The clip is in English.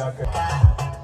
जाकर